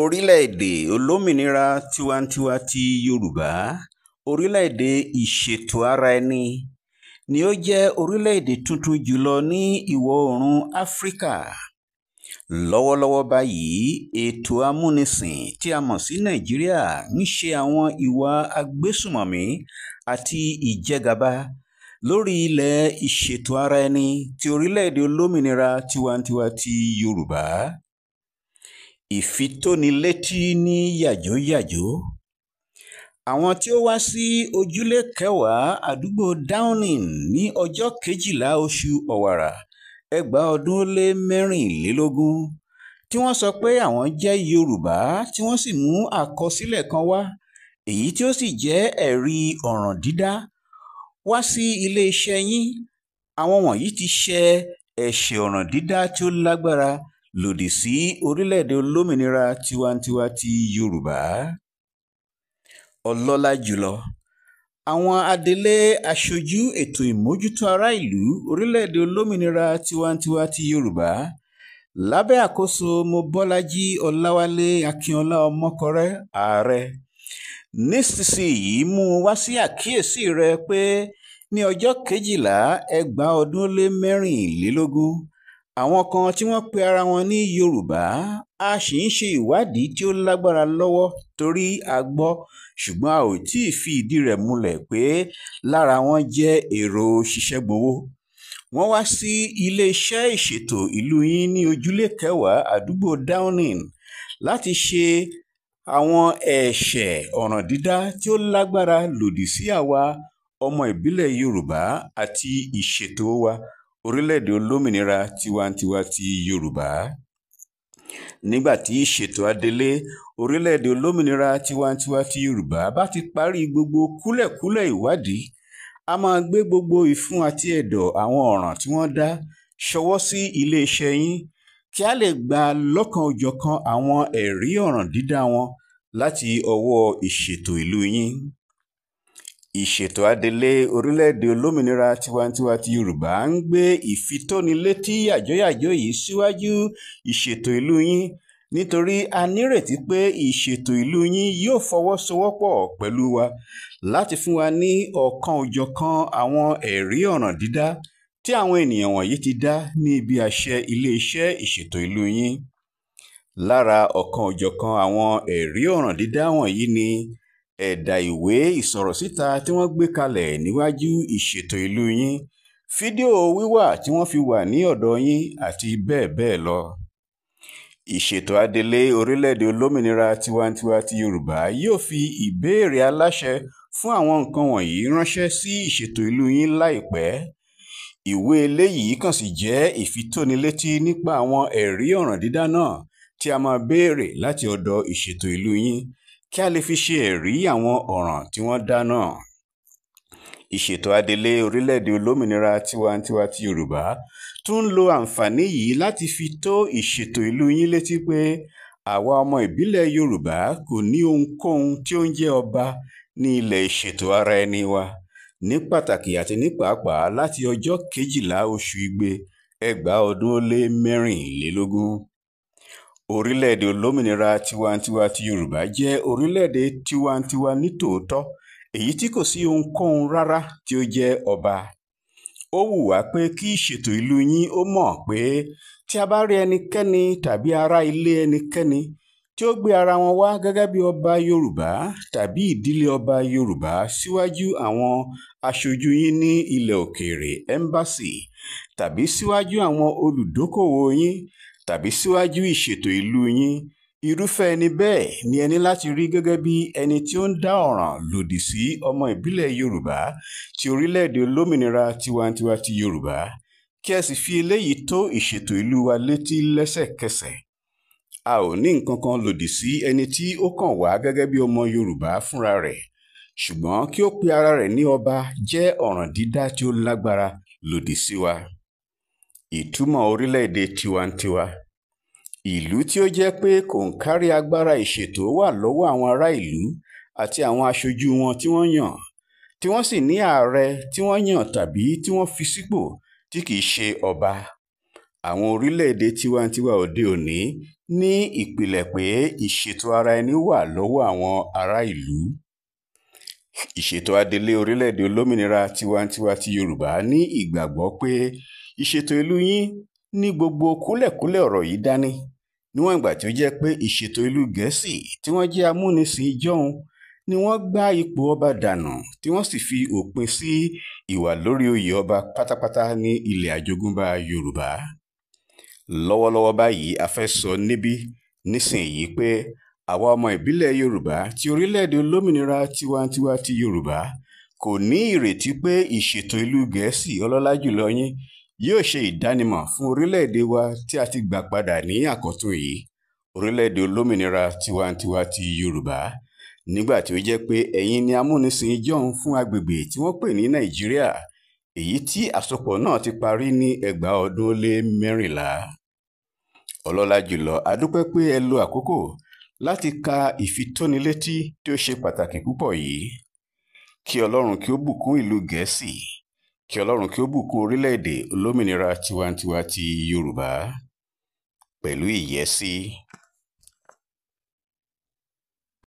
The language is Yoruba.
orílẹ̀-èdè olómìnira tiwantiwa ti yorùbá orílẹ̀-èdè ìṣètò ara ẹni ni ó jẹ́ orílẹ̀-èdè tuntun jùlọ ní ìwọ̀ oòrùn áfíríkà lọ́wọ́lọ́wọ́ báyìí ètò amúnisìn tí a mọ̀ sí nàìjíríà ń ṣe àwọn ìwà agbésùmọ̀mí àti ìjẹgàba lórí ilẹ̀ ìṣètò ara ẹni ti orílẹ̀-èdè olómìnira tiwantiwa ti yorùbá ìfitónilétí ní yàjóyàjó àwọn tí ó wá sí ojúlé kẹwàá àdúgbò downing ní ọjọ́ kejìlá oṣù ọ̀wàrà ẹgbàá ọdún ó lé mẹ́rìnlélógún tí wọ́n sọ pé àwọn jẹ́ yorùbá tí wọ́n sì mú àkọsílẹ̀ kan wá èyí tí ó sì jẹ́ ẹ̀rí ọ̀ràn dídá wá sí iléeṣẹ́ yín àwọn wọ̀nyí ti ṣe ẹ̀ṣẹ̀ ọ̀ràn dídá tí ó lágbára lòdì sí orílẹ̀-èdè olómìnira tiwantiwa ti yorùbá ọlọ́lá jùlọ àwọn adelé aṣojú ètò ìmójútó ará ìlú orílẹ̀-èdè olómìnira tiwantiwa ti yorùbá lábẹ́ àkóso mobọ́lájí ọláwálé akínọlá ọmọkọrẹ ààrẹ nísinsìnyí mú wá sí àkíyèsí rẹ pé ní ọjọ́ kejìlá ẹgbàá ọdún lé mẹ́rìnlélógún àwọn kan tí wọ́n pe ara wọn ní yorùbá a ṣì ń ṣe ìwádìí tí ó lágbára lọ́wọ́ torí a gbọ́ ṣùgbọ́n a ò tí ì fi ìdí rẹ̀ múlẹ̀ pé lára wọn jẹ́ èrò ṣiṣẹ́gbowó wọ́n wá sí iléeṣẹ́ ìṣètò ìlú yín ní ojúlé kẹwàá àdúgbò downing láti ṣe àwọn ẹ̀ṣẹ̀ ọ̀ràn dídá tí ó lágbára lòdì sí àwa ọmọ ìbílẹ̀ yorùbá àti ìṣètò wa orílẹ̀-èdè olómìnira tiwantiwa ti yorùbá nígbà tí ìṣètò adelé orílẹ̀-èdè olómìnira tiwantiwa ti yorùbá bá ti parí gbogbo kúlẹ̀kúlẹ̀ ìwádìí a máa gbé gbogbo ìfun àti ẹ̀dọ̀ àwọn ọ̀ràn tí wọ́n dá ṣọwọ́ sí iléeṣẹ́ yín kí a lè gba lọ́kan-ò-jọ̀kan àwọn ẹ̀rí ọ̀ràn dídá wọn láti ọwọ́ ìṣètò ìlú yín ìṣètò adelé orílẹ̀-èdè olómìnira tiwantiwa ti yorùbá ń gbé ìfitónilétí yàjóyàjó yìí síwájú ìṣètò ìlú yín nítorí a nírètí pé ìṣètò ìlú yín yóò fọwọ́sowọ́pọ̀ pẹ̀lú wa láti fún wa ní ọ̀kan-ò-jọ̀kan àwọn ẹ̀rí ọ̀ràn dídá tí àwọn ènìyàn wọ̀nyí ti dá ní ibi àṣẹ iléeṣẹ́ ìṣètò ìlú yín lára ọ̀kan ò àwọn ẹ̀rí ọ̀ràn dídá wọ̀nyí ni ẹ̀dà ìwé ìsọ̀rọ̀síta tí wọ́n gbé kalẹ̀ níwájú ìṣètò ìlú yín fídíò wíwà tí wọ́n fi wà ní ọ̀dọ̀ yín àti bẹ́ẹ̀ bẹ́ẹ̀ lọ. ìṣètò adelé orílẹ̀-èdè olómìnira tiwantiwa ti yorùbá yóò fi ìbéèrè aláṣẹ fún àwọn nǹkan wọ̀nyí ránṣẹ́ sí ìṣètò ìlú yín láìpẹ́ ìwé eléyìí kàn sì jẹ́ ìfitónilétí nípa àwọn ẹ̀rí ọ̀ràn dídá náà tí a máa béèrè láti ọ̀dọ̀ ìṣètò ìlú yín kí a lè fi ṣe ẹ̀rí àwọn ọ̀ràn tí wọ́n dá náà. ìṣètò adelé orílẹ̀-èdè olómìnira tiwantiwa ti yorùbá tún ń lo àǹfààní yìí láti fi tó ìṣètò ìlú yín létí pé àwa ọmọ ìbílẹ̀ yorùbá kò ní ohunkóhun tí ó ń jẹ́ ọba ní ilẹ̀ ìṣètò ara ẹni wa ní pàtàkì àti ní pàápàá láti ọjọ́ kejìlá oṣù igbe ẹgbàá ọdún ó lé mẹ́rìnlélógún orílẹ̀-èdè olómìnira tiwantiwa ti yorùbá jẹ́ orílẹ̀-èdè tiwantiwa nítòótọ́ èyí tí kò sí ohunkóhun rárá tí ó jẹ́ ọba ó wù wá pé kí ìṣètò ìlú yín ó mọ̀ pé tí a bá rí ẹnikẹ́ni tàbí ará ilé ẹnikẹ́ni tí ó gbé ara wọn wá gẹ́gẹ́ bí ọba yorùbá tàbí ìdílé ọba yorùbá síwájú àwọn aṣojú yín ní ilẹ̀ òkèèrè ẹ́mbásì tàbí síwájú àwọn olùdókòwò yín tàbí síwájú ìṣètò ìlú yín irúfẹ́ ẹni bẹ́ẹ̀ ni ẹ ní láti rí gẹ́gẹ́ bí ẹni tí ó ń dá ọ̀ràn lòdì sí ọmọ ìbílẹ̀ yorùbá ti orílẹ̀-èdè olómìnira tiwantiwa ti yorùbá kí ẹ sì fi eléyìí tó ìṣètò ìlú wa létí lẹ́sẹ̀kẹsẹ̀ a ò ní nǹkan kan lòdì sí ẹni tí ó kàn wá gẹ́gẹ́ bí ọmọ yorùbá fúnra rẹ̀ ṣùgbọ́n kí ó pe ara rẹ̀ ní ọba jẹ́ ọ̀ràn dídá tí ó lágbára lòdì sí wa ìtumọ̀ orílẹ̀-èdè tiwantiwa ìlú tí ó jẹ́ pé kòǹkárí agbára ìṣètò wà lọ́wọ́ àwọn ará ìlú àti àwọn aṣojú wọn tí wọ́n yàn tí wọ́n sì ní ààrẹ tí wọ́n yàn tàbí tí wọ́n fi sípò tí kì í ṣe ọba àwọn orílẹ̀-èdè tiwantiwa òde òní ní ìpìlẹ̀ pé ìṣètò ara ẹni wà lọ́wọ́ àwọn ará ìlú ìṣètò adelé orílẹ̀-èdè olómìnira tiwantiwa ti Yorùbá ní ìgbàgbọ́ pé ìṣètò ìlú yín ní gbogbo kúlẹ̀kúlẹ̀ ọ̀rọ̀ yìí dání níwọ̀n ìgbà tí ó jẹ́ pé ìṣètò ìlú gẹ̀ẹ́sì tí wọ́n jẹ́ amúnisìn ìjọ́un ni wọ́n gbá ipò ọba dànù tí wọ́n sì fi òpin sí ìwà lórí oyè ọba pátápátá ní ilẹ̀ àjogúnbá yorùbá lọ́wọ́lọ́wọ́ báyìí a fẹ́ sọ níbí nísìnyí pé àwa ọmọ ìbílẹ̀ yorùbá ti orílẹ̀-èdè olómìnira tiwantiwa ti yorùbá kò ní ìrètí pé ìṣètò ìlú gẹ̀ẹ́sì ọlọ́lá jùlọ yín yóò ṣe ìdánimọ̀ fún orílẹ̀-èdè wa tí a ti gbà padà ní àkọ́tún yìí orílẹ̀-èdè olómìnira tiwantiwa ti Yorùbá nígbà tí ó jẹ́ pé ẹ̀yin ni amúnisìn jọ̀hún fún agbègbè tí wọ́n pè ní Nàìjíríà èyí tí àsopọ̀ náà ti parí ní ẹgbàá ọdún ó lé mẹ́rìnlá ọlọ́lá jùlọ a dúpẹ́ pé ẹ lo àkókò láti ka ìfitónilétí tí ó ṣe pàtàkì púpọ̀ yìí kí Ọlọ́run kí ó bùkún ìlú Gẹ̀ẹ́sì kí ọlọ́run kí ó bùkún orílẹ̀-èdè olómìnira tiwantiwa ti yorùbá pẹ̀lú ìyẹ́sí